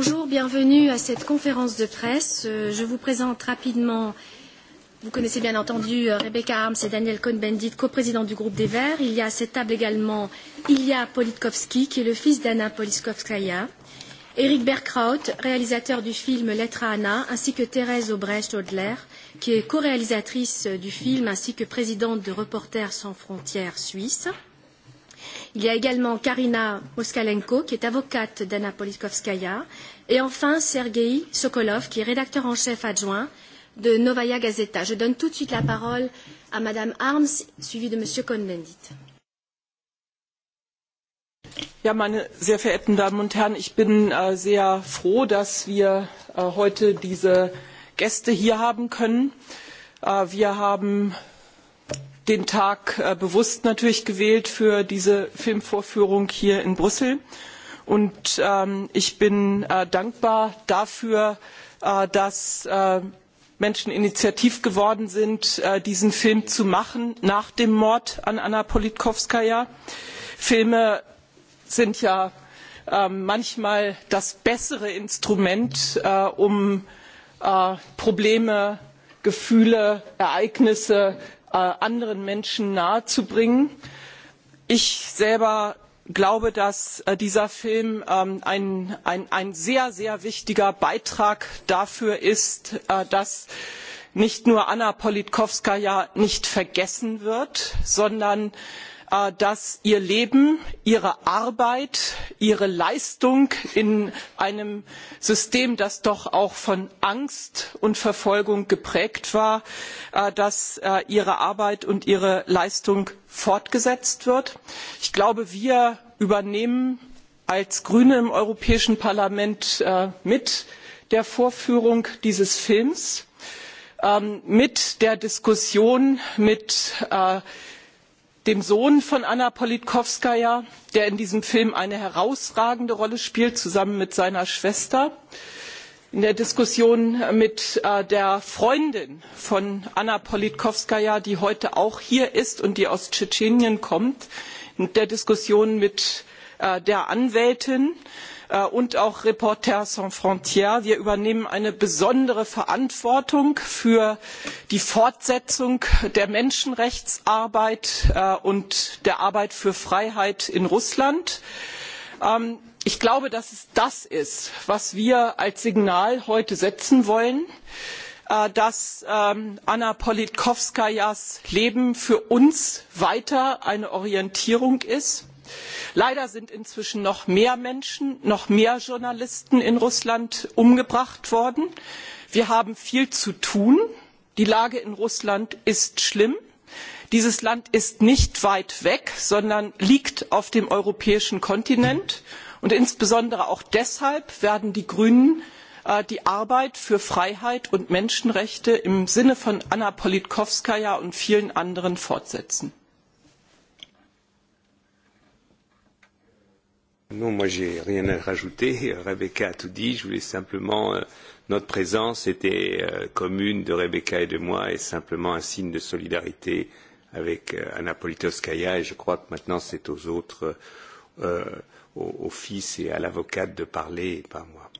Bonjour, bienvenue à cette conférence de presse. Euh, je vous présente rapidement, vous connaissez bien entendu euh, Rebecca Harms et Daniel Cohn-Bendit, coprésident du groupe des Verts. Il y a à cette table également Ilya Politkovski, qui est le fils d'Anna Politkovskaya, Eric Berkraut, réalisateur du film Lettre à Anna, ainsi que Thérèse obrecht odler qui est co-réalisatrice du film ainsi que présidente de Reporters sans frontières suisses. Il y a également Karina Moskalenko, qui est avocate d'Anna Politkovskaya, et enfin Sergei Sokolov, qui est rédacteur en chef adjoint de Novaya Gazeta. Je donne tout de suite la parole à Madame Harms, suivie de Monsieur Cohn-Bendit. Ja, meine sehr verehrten Damen und Herren, ich bin äh, sehr froh, dass wir äh, heute diese Gäste hier haben können. Äh, wir haben den tag äh, bewusst natürlich gewählt für diese filmvorführung hier in brüssel und ähm, ich bin äh, dankbar dafür äh, dass äh, menschen initiativ geworden sind äh, diesen film zu machen nach dem mord an anna politkowskaja. filme sind ja ähm, manchmal das bessere instrument äh, um probleme gefühle ereignisse Äh, anderen menschen nahezubringen. ich selber glaube dass äh, dieser film ähm, ein, sehr sehr wichtiger beitrag dafür ist äh, dass nicht nur anna politkowskaja nicht vergessen wird sondern Äh, dass ihr leben ihre arbeit ihre leistung in einem system das doch auch von angst und verfolgung geprägt war äh, äh, ihre arbeit und ihre leistung fortgesetzt wird. ich glaube wir übernehmen als grüne im europäischen parlament mit der vorführung dieses films ähm, mit der diskussion mit dem sohn von anna politkowskaja der in diesem film eine herausragende rolle spielt zusammen mit seiner schwester in der diskussion mit äh, der freundin von anna politkowskaja die heute auch hier ist und die aus tschetschenien kommt in der diskussion mit äh, der anwältin und Äh, und auch reporters sans frontires wir übernehmen eine besondere verantwortung für die fortsetzung der menschenrechtsarbeit äh, und der arbeit für freiheit in russland. Ähm, ich glaube dass es das ist was wir als signal heute setzen wollen äh, dass ähm, anna politkowskajas leben für uns weiter eine orientierung ist leider sind inzwischen noch mehr menschen noch mehr journalisten in russland umgebracht worden. wir haben viel zu tun. die lage in russland ist schlimm. dieses land ist nicht weit weg sondern liegt auf dem europäischen kontinent und insbesondere auch deshalb werden die grünen äh, die arbeit für freiheit und menschenrechte im sinne von anna politkowskaja und vielen anderen fortsetzen. Non, moi j'ai rien à rajouter. Rebecca a tout dit. Je voulais simplement euh, notre présence était euh, commune de Rebecca et de moi et simplement un signe de solidarité avec euh, Anna Politkovskaya et je crois que maintenant c'est aux autres, euh, euh au, au fils et à l'avocate de parler et pas moi.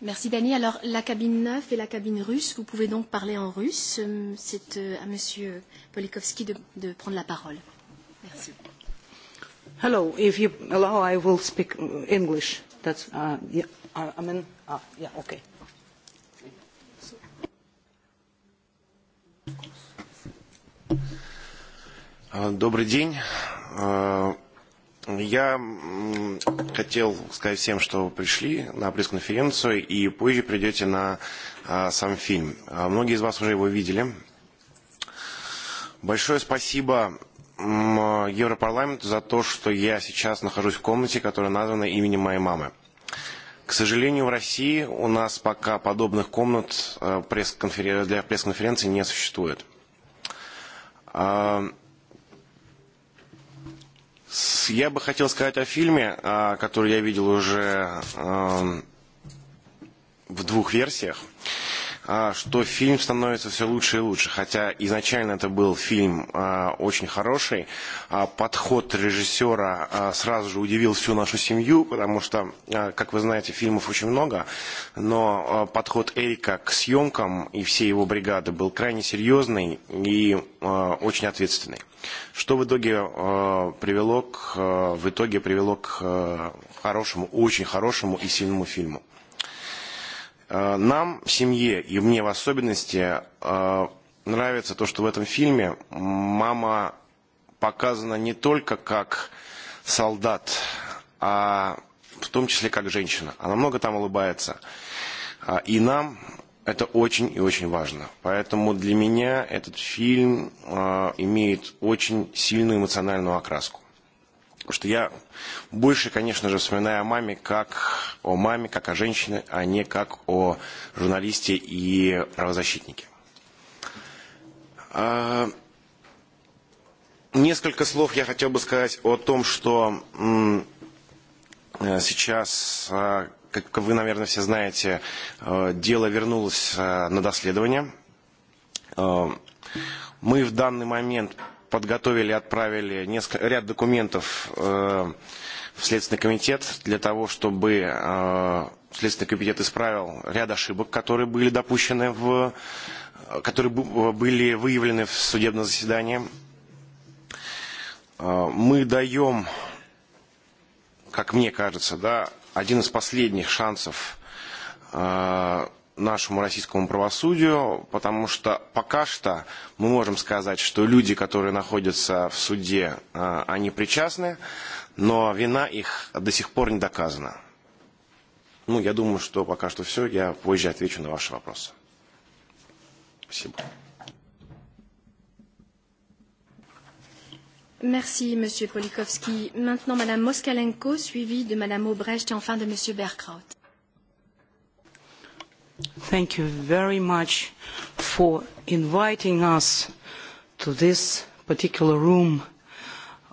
Merci Dani. Alors la cabine 9 et la cabine russe, vous pouvez donc parler en russe. Euh, c'est euh, à Monsieur Polikovski de, de prendre la parole. Merci. Hello, if you allow, I will speak English. That's, uh, yeah, I, mean, ah, yeah, okay. Добрый день. Я хотел сказать всем, что вы пришли на пресс-конференцию и позже придете на сам фильм. Многие из вас уже его видели. Большое спасибо Европарламенту за то, что я сейчас нахожусь в комнате, которая названа именем моей мамы. К сожалению, в России у нас пока подобных комнат для пресс конференции не существует. Я бы хотел сказать о фильме, который я видел уже в двух версиях что фильм становится все лучше и лучше. Хотя изначально это был фильм очень хороший. Подход режиссера сразу же удивил всю нашу семью, потому что, как вы знаете, фильмов очень много. Но подход Эрика к съемкам и всей его бригады был крайне серьезный и очень ответственный. Что в итоге э, привело к, э, в итоге привело к э, хорошему, очень хорошему и сильному фильму. Нам в семье, и мне в особенности, нравится то, что в этом фильме мама показана не только как солдат, а в том числе как женщина. Она много там улыбается. И нам это очень и очень важно. Поэтому для меня этот фильм имеет очень сильную эмоциональную окраску. Потому что я больше, конечно же, вспоминаю о маме как о маме, как о женщине, а не как о журналисте и правозащитнике. Несколько слов я хотел бы сказать о том, что сейчас, как вы, наверное, все знаете, дело вернулось на доследование. Мы в данный момент подготовили, отправили несколько, ряд документов э, в Следственный комитет для того, чтобы э, Следственный комитет исправил ряд ошибок, которые были допущены в которые были выявлены в судебном заседании. мы даем, как мне кажется, да, один из последних шансов нашему российскому правосудию, потому что пока что мы можем сказать, что люди, которые находятся в суде, они причастны, но вина их до сих пор не доказана. Ну, я думаю, что пока что все. Я позже отвечу на ваши вопросы. Спасибо. Merci, Monsieur Polikowski. Maintenant, Madame Moskalenko, suivie de Madame Obrecht et enfin de Monsieur Berkraut. Thank you very much for inviting us to this particular room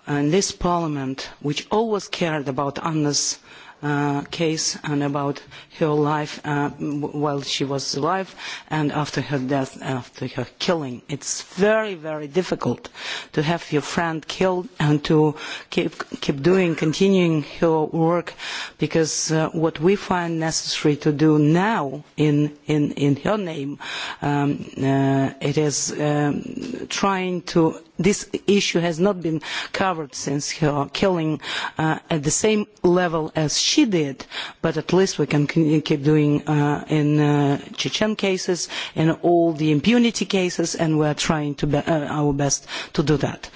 and this parliament, which always cared about Anna's uh, case and about her life uh, while she was alive and after her death, after her killing. It's very, very difficult to have your friend killed and to keep, keep doing, continuing her work because uh, what we find necessary to do now in, in, in her name, um, uh, it is um, trying to this issue has not been covered since her killing uh, at the same level as she did, but at least we can keep doing uh, in uh, Chechen cases, in all the impunity cases, and we are trying to be uh, our best to do that.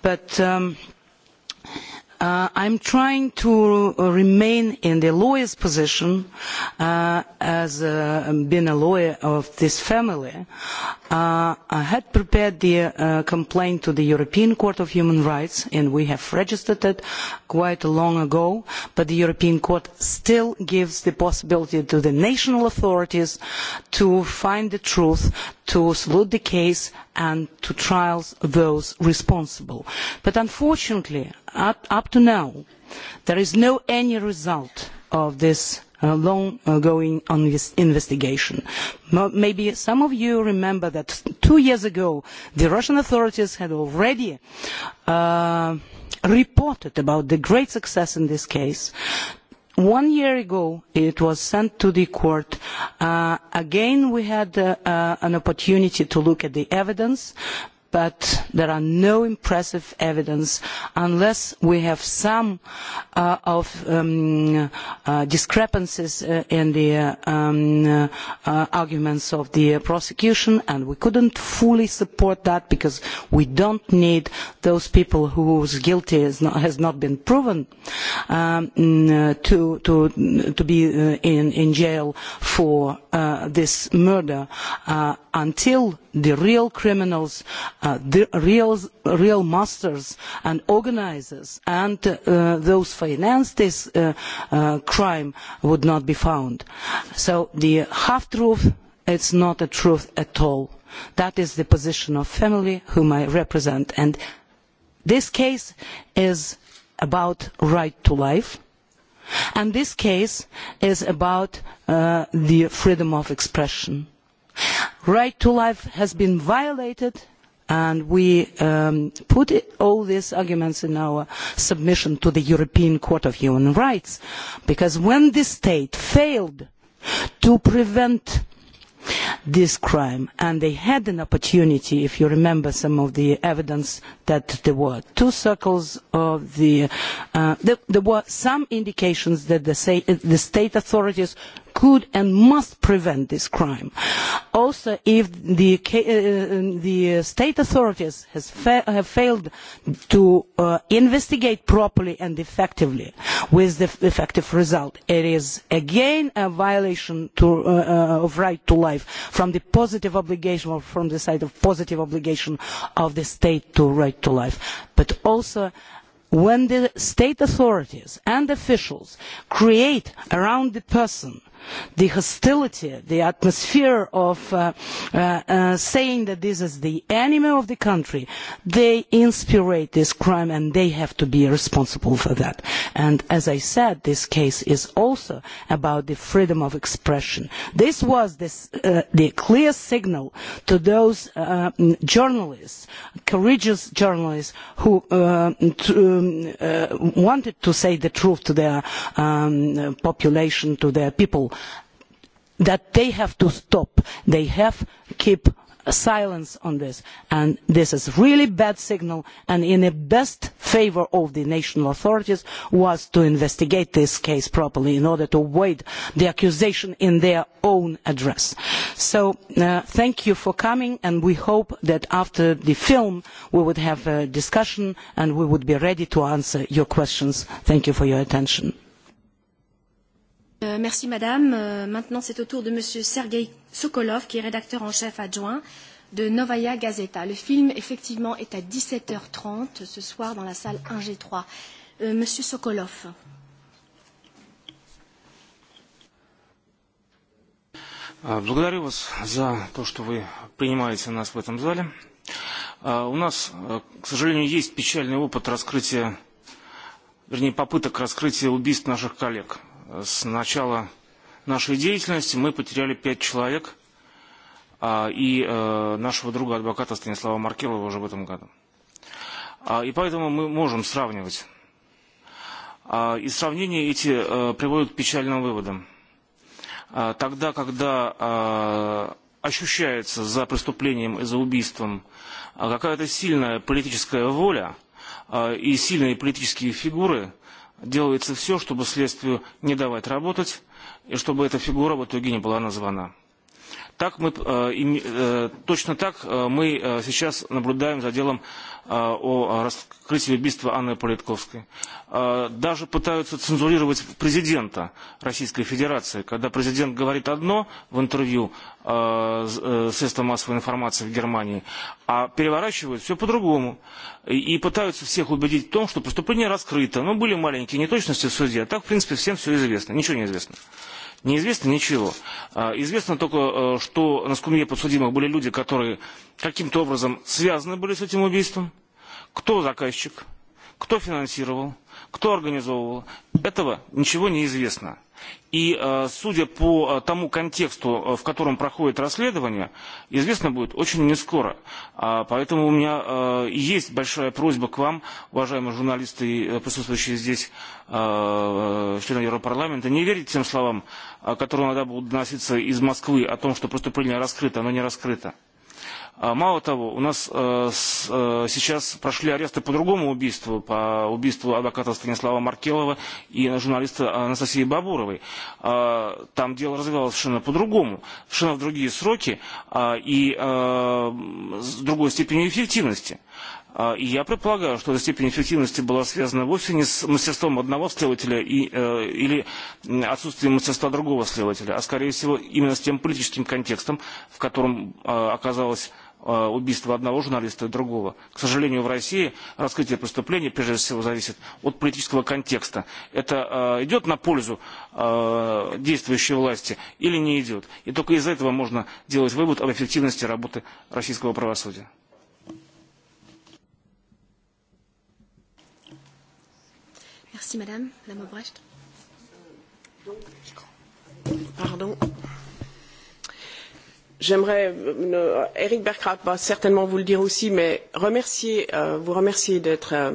But um, uh, I'm trying to remain in the lawyer's position uh, as uh, being a lawyer of this family Uh, I had prepared the uh, complaint to the European Court of Human Rights, and we have registered it quite long ago, but the European Court still gives the possibility to the national authorities to find the truth, to salute the case, and to trial those responsible. But unfortunately, up, up to now, there is no any result of this Uh, long uh, going investigation. Maybe some of you remember that two years ago the Russian authorities had already uh, reported about the great success in this case. One year ago, it was sent to the court. again, we had an opportunity to look at the evidence but there are no impressive evidence unless we have some uh, of um, uh, discrepancies uh, in the um, arguments of the prosecution and we couldn't fully support that because we don't need those people whose guilt has not been proven um, to, be in jail for this murder until the real criminals, uh, the real, masters and organisers and uh, those who finance this uh, crime would not be found. So the half-truth, is not a truth at all. That is the position of family whom I represent. And this case is about right to life. And this case is about the freedom of expression right to life has been violated and we um, put it, all these arguments in our submission to the European Court of Human Rights because when the state failed to prevent this crime and they had an opportunity if you remember some of the evidence that there were two circles of the uh, there, there were some indications that the, say, the state authorities could and must prevent this crime. Also, if the, uh, uh, the state authorities fa have failed to uh, investigate properly and effectively with the effective result, it is again a violation to, uh, uh, of right to life from the positive obligation or from the side of positive obligation of the state to right to life. But also when the state authorities and officials create around the person the hostility, the atmosphere of uh, uh, uh, saying that this is the enemy of the country, they inspire this crime and they have to be responsible for that. And as I said, this case is also about the freedom of expression. This was this, uh, the clear signal to those uh, journalists, courageous journalists who uh, Um, uh, wanted to say the truth to their um, population, to their people, that they have to stop. They have keep silence on this and this is really bad signal and in the best favour of the national authorities was to investigate this case properly in order to avoid the accusation in their own address. So uh, thank you for coming and we hope that after the film we would have a discussion and we would be ready to answer your questions. Thank you for your attention. Euh, merci Madame. Euh, maintenant, c'est au tour de Monsieur Sergei Sokolov, qui est rédacteur en chef adjoint de Novaya Gazeta. Le film, effectivement, est à 17h30 ce soir dans la salle 1G3. Euh, Monsieur Sokolov. Э, благодарю вас за то, что вы принимаете нас в этом зале. Э, у нас, э, к сожалению, есть печальный опыт раскрытия, вернее, попыток раскрытия убийств наших коллег – с начала нашей деятельности мы потеряли пять человек и нашего друга адвоката Станислава Маркелова уже в этом году. И поэтому мы можем сравнивать. И сравнения эти приводят к печальным выводам. Тогда, когда ощущается за преступлением и за убийством какая-то сильная политическая воля и сильные политические фигуры, делается все, чтобы следствию не давать работать, и чтобы эта фигура в итоге не была названа. Так мы, э, э, точно так э, мы э, сейчас наблюдаем за делом э, о раскрытии убийства Анны Политковской. Э, Даже пытаются цензурировать президента Российской Федерации, когда президент говорит одно в интервью э, средства массовой информации в Германии, а переворачивают все по-другому. И, И пытаются всех убедить в том, что преступление раскрыто. Но были маленькие неточности в суде, а так, в принципе, всем все известно. Ничего не известно неизвестно ничего. Известно только, что на скамье подсудимых были люди, которые каким-то образом связаны были с этим убийством. Кто заказчик, кто финансировал, кто организовывал, этого ничего не известно. И э, судя по э, тому контексту, э, в котором проходит расследование, известно будет очень нескоро. А, Поэтому у меня э, есть большая просьба к вам, уважаемые журналисты, э, присутствующие здесь, э, члены Европарламента, не верить тем словам, э, которые иногда будут доноситься из Москвы о том, что преступление раскрыто, оно не раскрыто. Мало того, у нас сейчас прошли аресты по другому убийству, по убийству адвоката Станислава Маркелова и журналиста Анастасии Бабуровой. Там дело развивалось совершенно по-другому, совершенно в другие сроки и с другой степенью эффективности. И я предполагаю, что эта степень эффективности была связана вовсе не с мастерством одного следователя и, э, или отсутствием мастерства другого следователя, а скорее всего именно с тем политическим контекстом, в котором э, оказалась убийство одного журналиста и другого. К сожалению, в России раскрытие преступлений прежде всего зависит от политического контекста. Это идет на пользу действующей власти или не идет? И только из этого можно делать вывод об эффективности работы российского правосудия. Merci, madame. Madame Obrecht. Pardon j'aimerais euh, Eric Berkrat va certainement vous le dire aussi, mais remercier, euh, vous remercier d'être euh,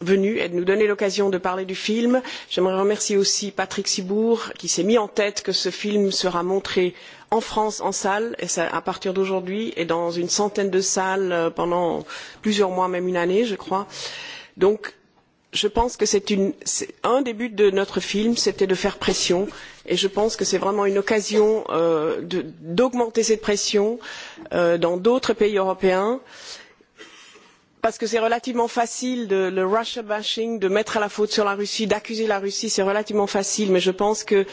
venu et de nous donner l'occasion de parler du film. J'aimerais remercier aussi Patrick Sibourg qui s'est mis en tête que ce film sera montré en France en salle et ça, à partir d'aujourd'hui et dans une centaine de salles euh, pendant plusieurs mois, même une année, je crois. Donc je pense que c'est un des buts de notre film c'était de faire pression et je pense que c'est vraiment une occasion euh, d'augmenter cette pression euh, dans d'autres pays européens parce que c'est relativement facile de, le Russia bashing de mettre la faute sur la Russie d'accuser la Russie c'est relativement facile mais je pense que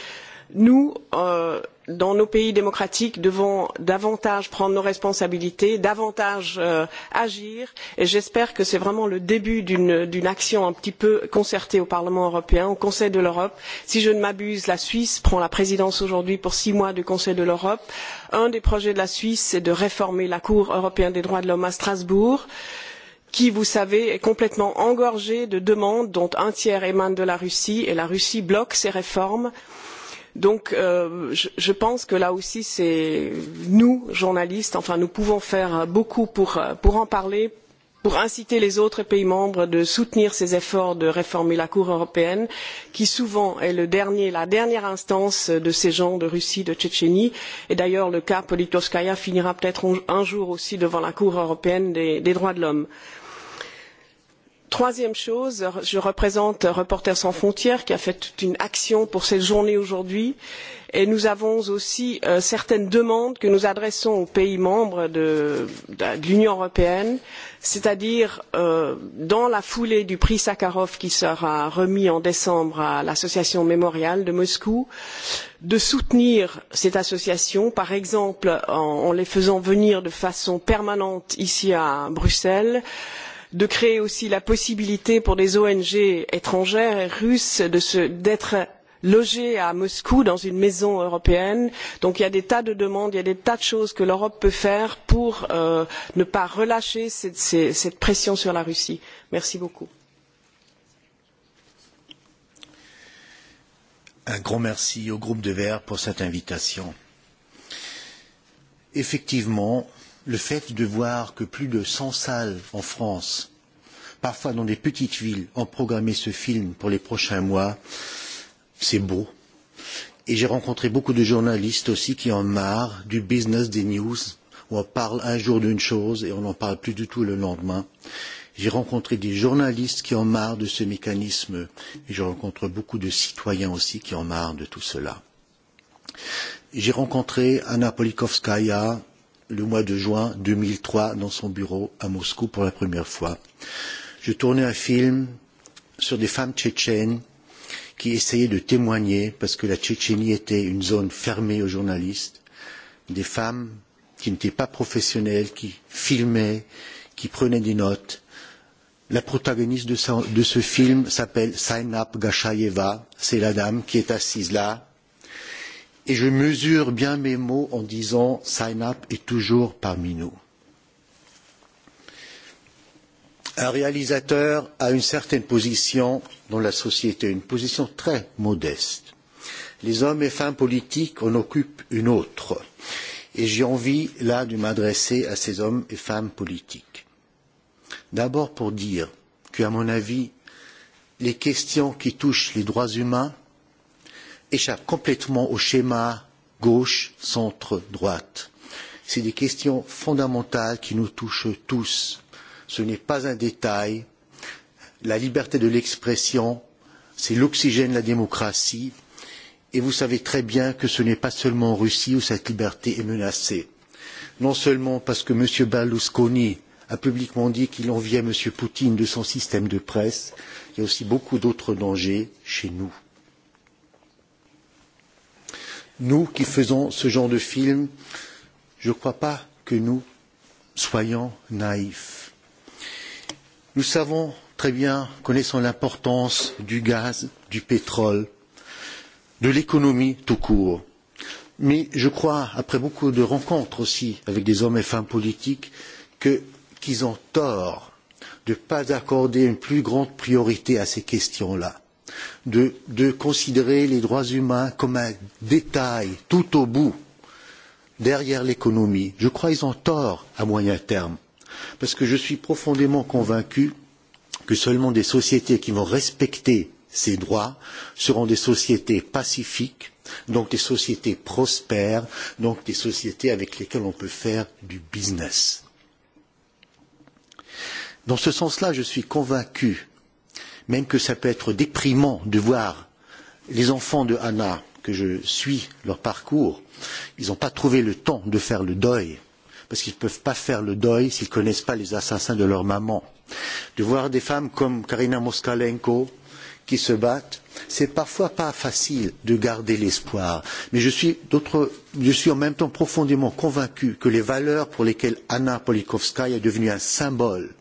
nous euh, dans nos pays démocratiques devons davantage prendre nos responsabilités davantage euh, agir et j'espère que c'est vraiment le début d'une action un petit peu concertée au parlement européen au conseil de l'europe. si je ne m'abuse la suisse prend la présidence aujourd'hui pour six mois du conseil de l'europe. un des projets de la suisse est de réformer la cour européenne des droits de l'homme à strasbourg qui vous le savez est complètement engorgée de demandes dont un tiers émane de la russie et la russie bloque ces réformes. il donc euh, je, pense que là aussi c'est nous journalistes enfin nous pouvons faire beaucoup pour, en parler pour inciter les autres pays membres à soutenir ces efforts de réformer la cour européenne qui souvent est la dernière instance de ces gens de russie de tchétchénie et d'ailleurs le cas politkovskaya finira peut être un jour aussi devant la cour européenne des, des droits de l'homme. il Troisième chose, je représente Reporters sans frontières qui a fait toute une action pour cette journée aujourd'hui et nous avons aussi euh, certaines demandes que nous adressons aux pays membres de, de, de l'Union européenne, c'est-à-dire euh, dans la foulée du prix Sakharov qui sera remis en décembre à l'association Mémorial de Moscou, de soutenir cette association, par exemple en, en les faisant venir de façon permanente ici à Bruxelles, euh, de créer aussi la possibilité pour des ong étrangères et russes d'être logées à moscou dans une maison européenne. donc il y a des tas de demandes il y a des tas de choses que l'europe peut faire pour euh, ne pas relâcher cette, cette pression sur la russie. merci beaucoup. un grand merci au groupe de verts pour cette invitation. effectivement le fait de voir que plus de 100 salles en France, parfois dans des petites villes, ont programmé ce film pour les prochains mois, c'est beau. Et j'ai rencontré beaucoup de journalistes aussi qui en marre du business des news, où on parle un jour d'une chose et on n'en parle plus du tout le lendemain. J'ai rencontré des journalistes qui en marre de ce mécanisme et je rencontre beaucoup de citoyens aussi qui en marre de tout cela. J'ai rencontré Anna Polikovskaya, le mois de juin 2003 dans son bureau à Moscou pour la première fois. Je tournais un film sur des femmes tchétchènes qui essayaient de témoigner parce que la Tchétchénie était une zone fermée aux journalistes, des femmes qui n'étaient pas professionnelles, qui filmaient, qui prenaient des notes. La protagoniste de, ce, film s'appelle Sainap Gashayeva, c'est la dame qui est assise là, et je mesure bien mes mots en disant Synap est toujours parmi nous. Un réalisateur a une certaine position dans la société, une position très modeste. Les hommes et femmes politiques en occupent une autre. Et j'ai envie, là, de m'adresser à ces hommes et femmes politiques. D'abord pour dire qu'à mon avis, les questions qui touchent les droits humains échappe complètement au schéma gauche, centre, droite. C'est des questions fondamentales qui nous touchent tous. Ce n'est pas un détail. La liberté de l'expression, c'est l'oxygène de la démocratie. Et vous savez très bien que ce n'est pas seulement en Russie où cette liberté est menacée. Non seulement parce que M. Berlusconi a publiquement dit qu'il enviait M. Poutine de son système de presse, il y a aussi beaucoup d'autres dangers chez nous nous qui faisons ce genre de film, je ne crois pas que nous soyons naïfs. Nous savons très bien, connaissant l'importance du gaz, du pétrole, de l'économie tout court. Mais je crois, après beaucoup de rencontres aussi avec des hommes et femmes politiques, qu'ils qu ont tort de ne pas accorder une plus grande priorité à ces questions-là de, de considérer les droits humains comme un détail tout au bout derrière l'économie. Je crois qu'ils ont tort à moyen terme, parce que je suis profondément convaincu que seulement des sociétés qui vont respecter ces droits seront des sociétés pacifiques, donc des sociétés prospères, donc des sociétés avec lesquelles on peut faire du business. Dans ce sens-là, je suis convaincu même que ça peut être déprimant de voir les enfants de Anna, que je suis leur parcours, ils n'ont pas trouvé le temps de faire le deuil, parce qu'ils ne peuvent pas faire le deuil s'ils ne connaissent pas les assassins de leur maman. De voir des femmes comme Karina Moskalenko qui se battent, c'est parfois pas facile de garder l'espoir. Mais je suis, je suis en même temps profondément convaincu que les valeurs pour lesquelles Anna Politkovskaya est devenue un symbole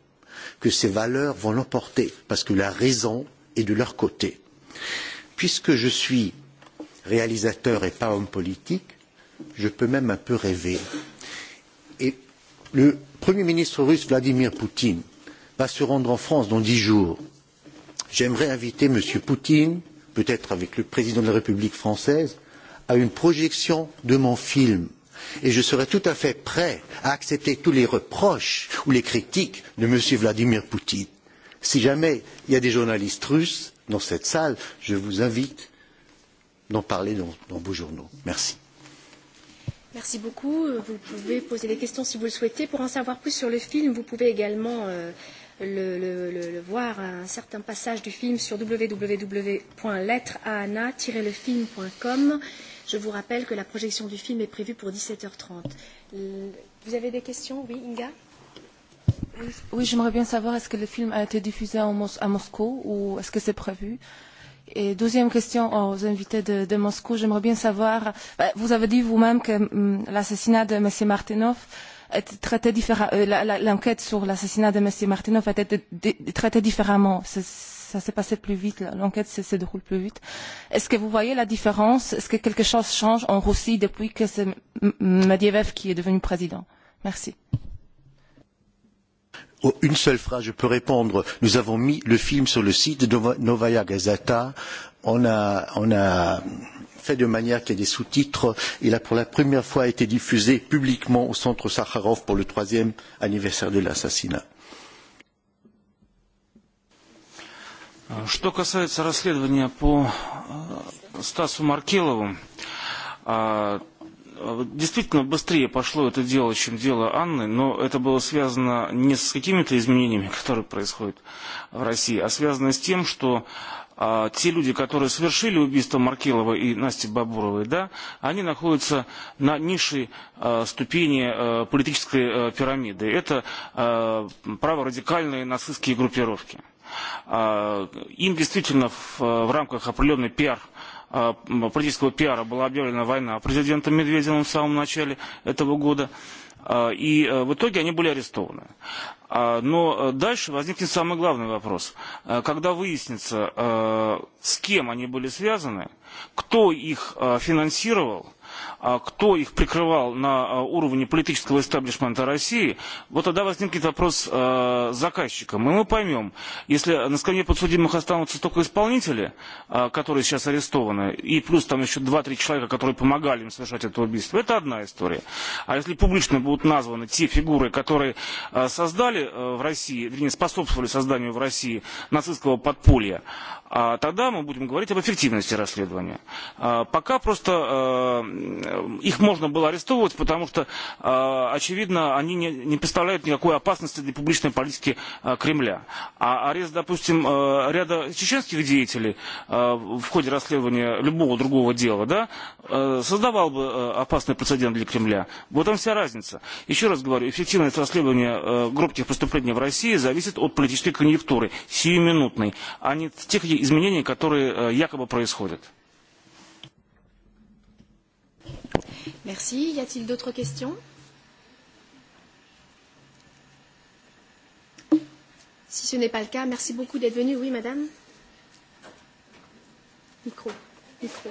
que ces valeurs vont l'emporter, parce que la raison est de leur côté. Puisque je suis réalisateur et pas homme politique, je peux même un peu rêver. Et le Premier ministre russe Vladimir Poutine va se rendre en France dans dix jours. J'aimerais inviter M. Poutine, peut-être avec le président de la République française, à une projection de mon film et je serai tout à fait prêt à accepter tous les reproches ou les critiques de M. Vladimir Poutine. Si jamais il y a des journalistes russes dans cette salle, je vous invite d'en parler dans, dans vos journaux. Merci. Merci beaucoup. Euh, vous pouvez poser des questions si vous le souhaitez. Pour en savoir plus sur le film, vous pouvez également euh, le, le, le, le voir un certain passage du film sur www.lettreana-lefilm.com. Je vous rappelle que la projection du film est prévue pour 17h30. Vous avez des questions Oui, Inga oui, j'aimerais bien savoir est-ce que le film a été diffusé en Mos à Moscou ou est-ce que c'est prévu Et deuxième question aux invités de, de Moscou, j'aimerais bien savoir, vous avez dit vous-même que hum, mm, l'assassinat de M. Martinov était traité différemment, euh, l'enquête sur l'assassinat de M. Martinov était traitée différemment ça s'est passé plus vite, l'enquête se, déroule plus vite. Est-ce que vous voyez la différence Est-ce que quelque chose change en Russie depuis que c'est Medvedev qui est devenu président Merci. Oh, une seule phrase, je peux répondre. Nous avons mis le film sur le site de Novaya Gazeta. On a, on a fait de manière qu'il y ait des sous-titres. Il a pour la première fois été diffusé publiquement au centre Sakharov pour le troisième anniversaire de l'assassinat. Что касается расследования по Стасу Маркелову, действительно быстрее пошло это дело, чем дело Анны, но это было связано не с какими-то изменениями, которые происходят в России, а связано с тем, что а, те люди, которые совершили убийство Маркелова и Насти Бабуровой, да, они находятся на низшей а, ступени а, политической а, пирамиды. Это а, праворадикальные нацистские группировки. Им действительно в, в рамках определенной пиар политического пиара была объявлена война президентом Медведевым в самом начале этого года. И в итоге они были арестованы. Но дальше возникнет самый главный вопрос. Когда выяснится, с кем они были связаны, кто их финансировал, кто их прикрывал на уровне политического истеблишмента России, вот тогда возникнет вопрос заказчикам. И мы поймем, если на скамье подсудимых останутся только исполнители, которые сейчас арестованы, и плюс там еще 2-3 человека, которые помогали им совершать это убийство, это одна история. А если публично будут названы те фигуры, которые создали в России, вернее, способствовали созданию в России нацистского подполья, тогда мы будем говорить об эффективности расследования. Пока просто их можно было арестовывать, потому что, очевидно, они не, представляют никакой опасности для публичной политики Кремля. А арест, допустим, ряда чеченских деятелей в ходе расследования любого другого дела, да, создавал бы опасный прецедент для Кремля. Вот там вся разница. Еще раз говорю, эффективность расследования громких преступлений в России зависит от политической конъюнктуры, сиюминутной, а не тех изменений, которые якобы происходят. Merci. Y a-t-il d'autres questions Si ce n'est pas le cas, merci beaucoup d'être venu. Oui, madame Micro. Micro.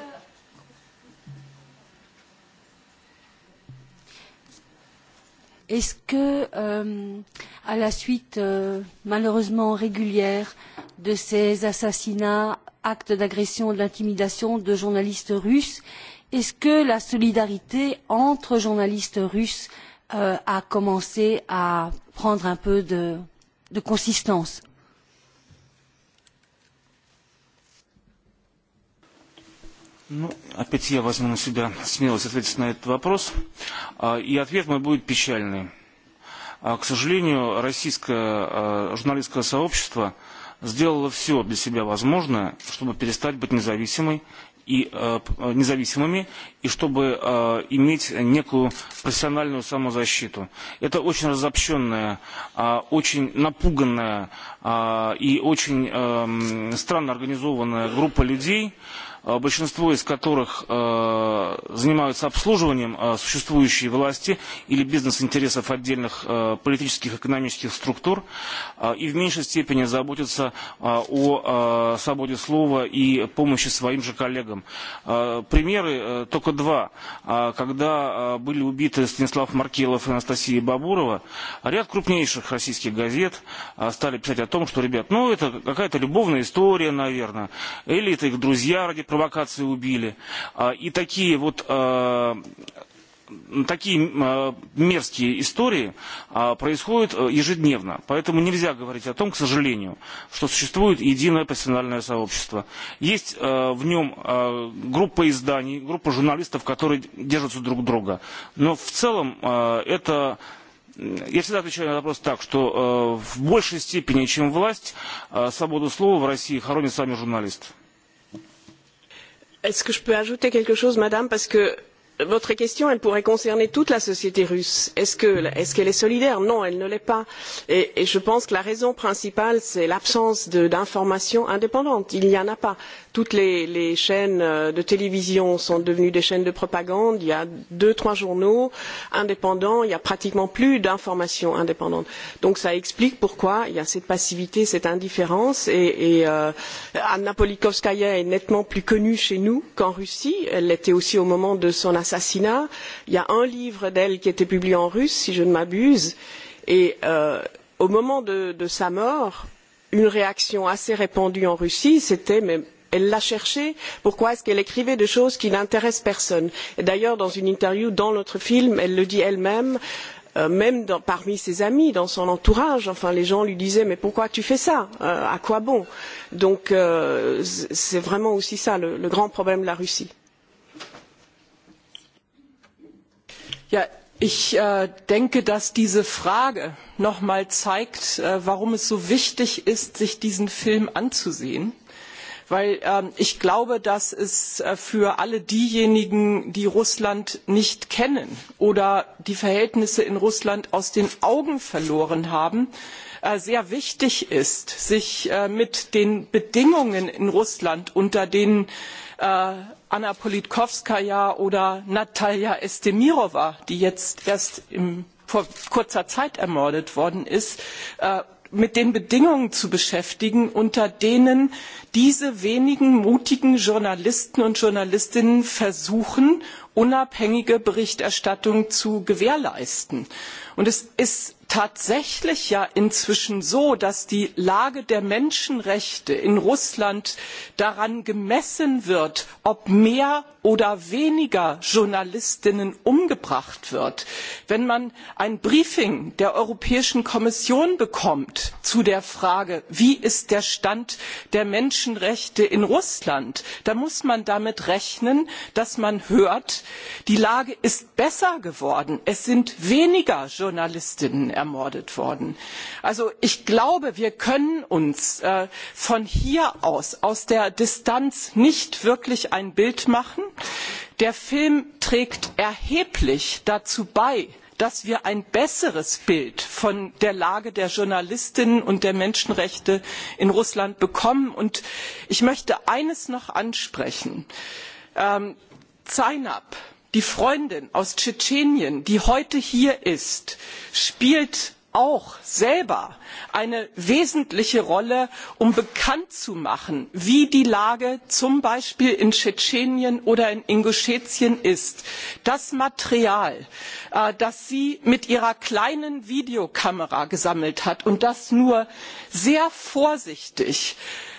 Est-ce que, euh, à la suite euh, malheureusement régulière de ces assassinats, actes d'agression, d'intimidation de journalistes russes, est-ce que la solidarité entre journalistes russes euh, a commencé à prendre un peu de, de consistance Ну, опять я возьму на себя смелость ответить на этот вопрос. И ответ мой будет печальный. К сожалению, российское журналистское сообщество – сделала все для себя возможное, чтобы перестать быть независимой и э, независимыми и чтобы э, иметь некую профессиональную самозащиту. Это очень разобщенная, э, очень напуганная э, и очень э, странно организованная группа людей, большинство из которых занимаются обслуживанием существующей власти или бизнес-интересов отдельных политических и экономических структур, и в меньшей степени заботятся о свободе слова и помощи своим же коллегам. Примеры только два. Когда были убиты Станислав Маркелов и Анастасия Бабурова, ряд крупнейших российских газет стали писать о том, что, ребят, ну это какая-то любовная история, наверное, или это их друзья ради провокации убили. И такие вот такие мерзкие истории происходят ежедневно. Поэтому нельзя говорить о том, к сожалению, что существует единое профессиональное сообщество. Есть в нем группа изданий, группа журналистов, которые держатся друг друга. Но в целом это... Я всегда отвечаю на вопрос так, что в большей степени, чем власть, свободу слова в России хоронят сами журналисты. Est-ce que je peux ajouter quelque chose, madame Parce que votre question elle pourrait concerner toute la société russe. est ce qu'elle est, qu est solidaire? non elle ne l'est pas et, et je pense que la raison principale c'est l'absence d'informations indépendantes. il n'y en a pas. toutes les, les chaînes euh, de télévision sont devenues des chaînes de propagande il y a deux trois journaux indépendants il n'y a pratiquement plus d'informations indépendantes. donc ça explique pourquoi il y a cette passivité cette indifférence et, et euh, anna politkovskaya est nettement plus connue chez nous qu'en russie elle l'était aussi au moment de son assassinat. Il y a un livre d'elle qui était publié en russe, si je ne m'abuse. Et euh, au moment de, de sa mort, une réaction assez répandue en Russie, c'était mais elle l'a cherché, pourquoi est-ce qu'elle écrivait des choses qui n'intéressent personne Et D'ailleurs, dans une interview dans notre film, elle le dit elle-même, euh, même dans, parmi ses amis, dans son entourage, enfin les gens lui disaient mais pourquoi tu fais ça euh, À quoi bon Donc euh, c'est vraiment aussi ça le, le grand problème de la Russie. ich äh, denke dass diese frage noch einmal zeigt äh, warum es so wichtig ist sich diesen film anzusehen weil ähm, ich glaube dass es äh, für alle diejenigen die russland nicht kennen oder die verhältnisse in russland aus den augen verloren haben sehr wichtig ist sich mit den bedingungen in russland unter denen anna politkowskaja oder natalja estemirowa die jetzt erst vor kurzer zeit ermordet worden ist äh, mit den bedingungen zu beschäftigen unter denen diese wenigen mutigen journalisten und journalistinnen versuchen unabhängige Berichterstattung zu gewährleisten. Und es ist tatsächlich ja inzwischen so, dass die Lage der Menschenrechte in Russland daran gemessen wird, ob mehr oder weniger Journalistinnen umgebracht werden. Wenn man ein Briefing der Europäischen Kommission bekommt zu der Frage, wie ist der Stand der Menschenrechte in Russland, dann muss man damit rechnen, dass man hört, die lage ist besser geworden es sind weniger journalistinnen ermordet worden. also ich glaube wir können uns äh, von hier aus aus der distanz nicht wirklich ein bild machen. der film trägt erheblich dazu bei dass wir ein besseres bild von der lage der journalistinnen und der menschenrechte in russland bekommen. Und ich möchte eines noch ansprechen ähm, zainab die freundin aus tschetschenien die heute hier ist spielt auch selber eine wesentliche rolle um bekannt zu machen wie die lage zum beispiel in tschetschenien oder in inguschetien ist. das material äh, das sie mit ihrer kleinen videokamera gesammelt hat und das nur sehr vorsichtig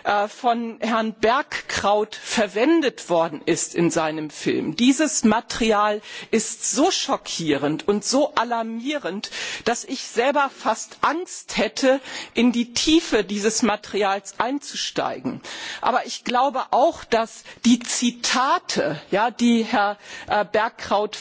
Äh, von herrn bergkraut verwendet worden ist in seinem film dieses material ist so schockierend und so alarmierend dass ich selber fast angst hätte in die tiefe dieses materials einzusteigen. aber ich glaube auch dass die zitate die herr äh, bergkraut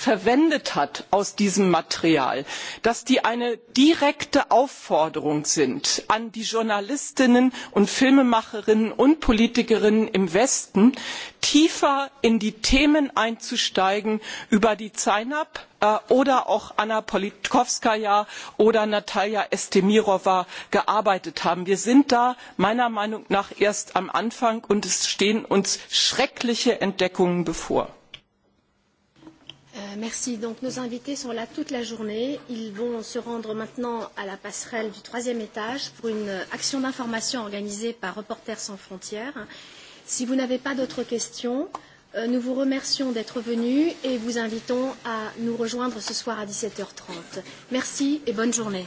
aus diesem material verwendet hat eine direkte aufforderung sind an die journalistinnen und filmemacher politikerinnen und politikerinnen im westen tiefer in die themen einzusteigen über die zainab äh, oder auch anna politkowskaja oder natalja estemirowa gearbeitet haben. wir sind da meiner meinung nach erst am anfang und es stehen uns schreckliche entdeckungen bevor. Euh, merci. Donc nos invités sont là toute la journée. Ils vont se rendre maintenant à la passerelle du troisième étage pour une action d'information organisée par Reporters sans frontières. Si vous n'avez pas d'autres questions, euh, nous vous remercions d'être venus et vous invitons à nous rejoindre ce soir à 17h30. Merci et bonne journée.